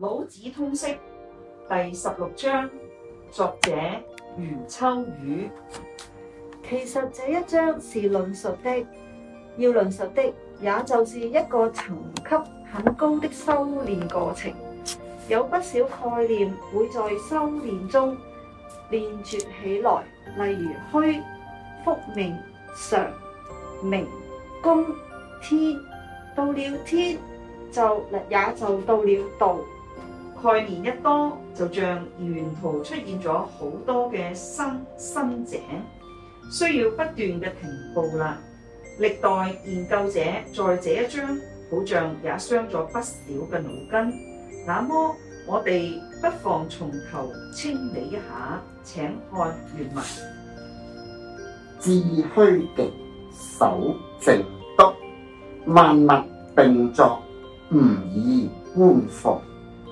老子通釋第十六章，作者余秋雨。其實這一章是論述的，要論述的，也就是一個層級很高的修煉過程。有不少概念會在修煉中連接起來，例如虛、復、命、常、明、公、天。到了天就也就到了道。概念一多，就像沿途出現咗好多嘅新新井，需要不斷嘅停步啦。歷代研究者在這一章好像也傷咗不少嘅腦筋。那麼我哋不妨從頭清理一下，請看原文：致虛極，守靜篤，萬物並作，吾以觀復。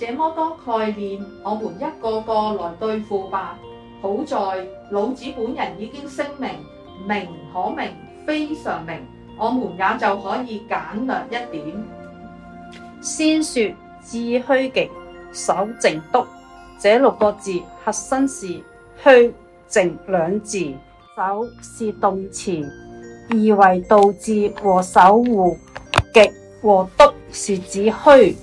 這麼多概念，我們一個個來對付吧。好在老子本人已經聲明，名可名，非常名，我們也就可以簡略一點。先說致虛極，守靜篤，這六個字核心是虛靜兩字。守是動詞，意為道誌和守護；極和篤是指虛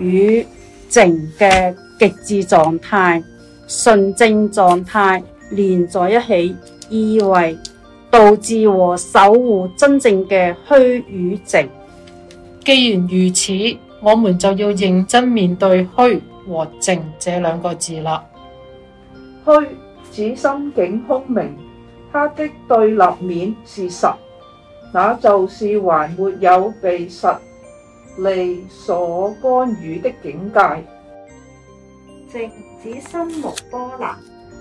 與。靜嘅極致狀態、純正狀態連在一起，意為導致和守護真正嘅虛與靜。既然如此，我們就要認真面對虛和靜這兩個字啦。虛指心境空明，它的對立面是實，那就是還沒有被實。離所干預的境界，靜指心無波瀾，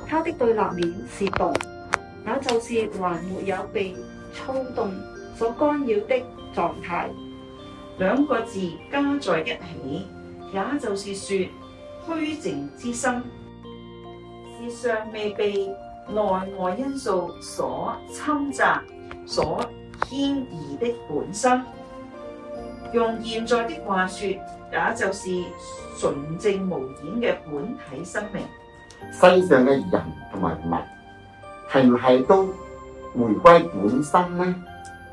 它的對立面是動，也就是還沒有被操動所干擾的狀態。兩個字加在一起，也就是說，虛靜之心是尚未被內外因素所侵襲、所牽移的本身。用現在的話說，也就是純正無染嘅本體生命。世上嘅人同埋物，係唔係都回歸本身呢？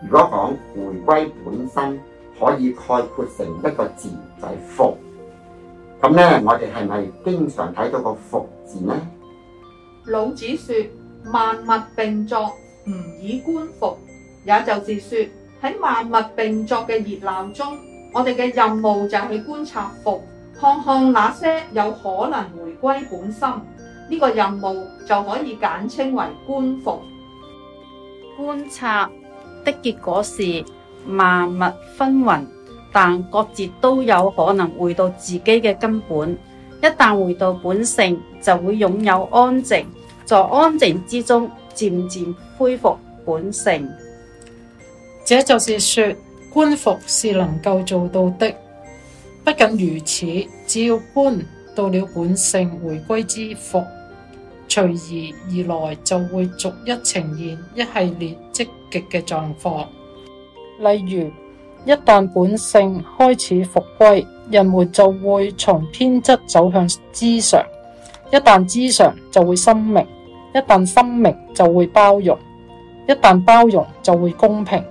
如果講回歸本身，可以概括成一個字，就係復。咁呢，我哋係咪經常睇到個復字呢？老子說：萬物並作，吾以觀復。也就是說，喺萬物並作嘅熱鬧中，我哋嘅任務就係去觀察復，看看哪些有可能回歸本心。呢、這個任務就可以簡稱為觀復。觀察的結果是萬物紛紜，但各自都有可能回到自己嘅根本。一旦回到本性，就會擁有安靜，在安靜之中漸漸恢復本性。這就是說，觀復是能夠做到的。不僅如此，只要觀到了本性回歸，回歸之復，隨而而來就會逐一呈現一系列積極嘅狀況。例如，一旦本性開始復歸，人們就會從偏執走向知常；一旦知常就會生明；一旦生明就會包容；一旦包容就會公平。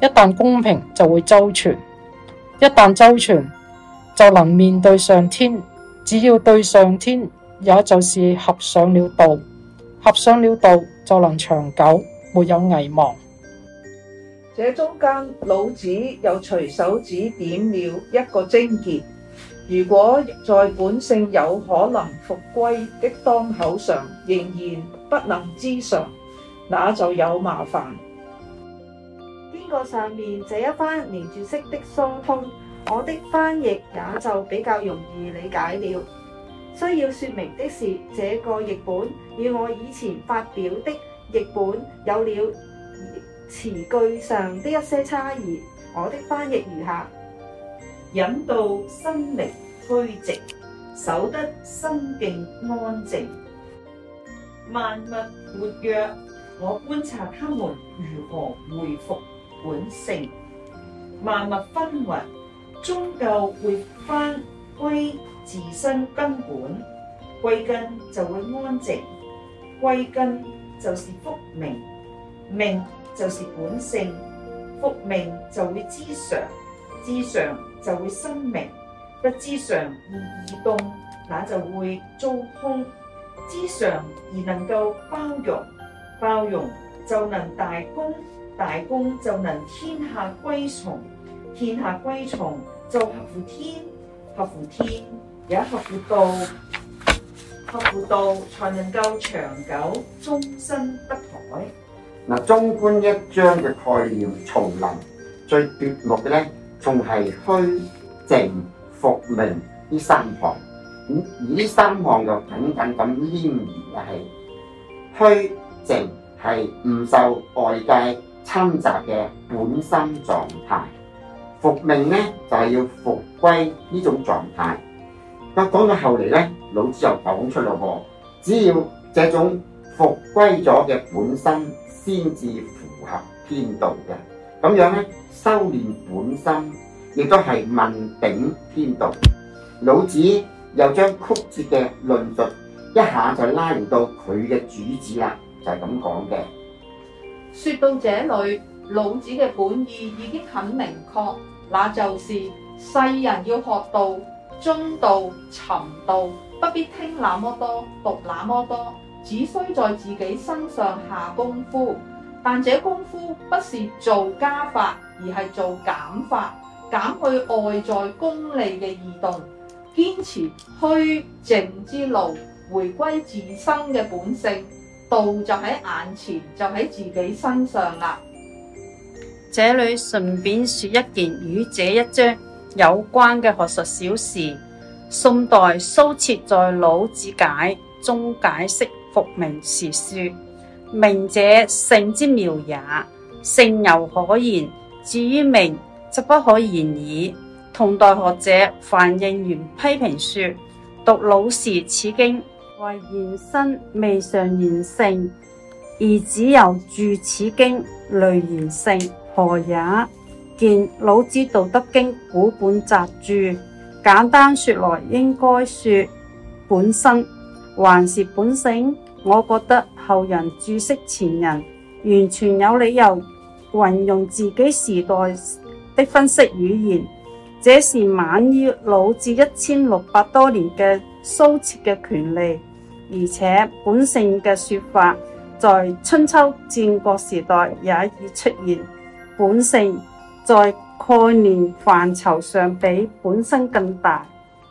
一旦公平就會周全，一旦周全就能面對上天。只要對上天，也就是合上了道，合上了道就能長久，沒有危亡。這中間，老子又隨手指點了一個警戒。如果在本性有可能復歸的當口上，仍然不能知常，那就有麻煩。個上面這一番連珠式的疏通，我的翻譯也就比較容易理解了。需要說明的是，這個譯本與我以前發表的譯本有了詞句上的一些差異。我的翻譯如下：引導生命虛靜，守得心境安靜，萬物活躍，我觀察他們如何回復。本性，萬物紛紜，終究會返歸自身根本。歸根就會安靜，歸根就是復命，命就是本性，復命就會知常，知常就會心明。不知常而異動，那就會遭兇；知常而能夠包容，包容就能大功。大功就能天下歸從，天下歸從就合乎天，合乎天也合乎道，合乎道才能夠長久，終身不殆。嗱，《中觀一章》嘅概念，叢林最奪目嘅咧，仲係虛靜復命呢三項。咁呢三項又緊緊咁黏住嘅係虛靜，係唔受外界。侵襲嘅本身狀態，復命呢就係、是、要復歸呢種狀態。咁講到後嚟呢，老子又講出嚟喎，只要這種復歸咗嘅本身，先至符合天道嘅。咁樣呢，修煉本身亦都係問鼎天道。老子又將曲折嘅論述一下就拉到佢嘅主旨啦，就係咁講嘅。說到這裏，老子嘅本意已經很明確，那就是世人要學道、中道、尋道，不必聽那麼多、讀那麼多，只需在自己身上下功夫。但這功夫不是做加法，而係做減法，減去外在功利嘅移動，堅持虛靜之路，回歸自身嘅本性。道就喺眼前，就喺自己身上啦。這裡順便說一件與這一章有關嘅學術小事。宋代蘇轍在《老子解》中解釋“復明”時說：“明者性之妙也，性猶可言，至於明則不可言矣。”同代學者范應元批評說：“讀《老子》此經。”為延伸未嘗言性，而只由著此經類言性，何也？見《老子道德經》古本雜著。簡單說來，應該說本身還是本性。我覺得後人注釋前人，完全有理由運用自己時代的分析語言，這是晚於老子一千六百多年嘅蘇轍嘅權利。而且本性嘅說法，在春秋戰國時代也已出現，本性在概念範疇上比本身更大，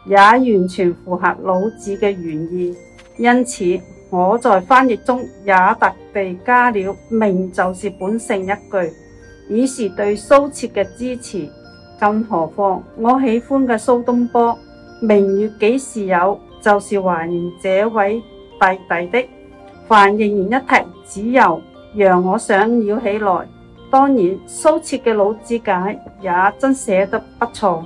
也完全符合老子嘅原意。因此我在翻譯中也特別加了“命就是本性”一句，以示對蘇轍嘅支持。更何況我喜歡嘅蘇東坡：“明月幾時有？”就是懷念這位弟弟的，凡仍然一提，只有讓我想了起來。當然，蘇轍嘅老子解也真寫得不錯。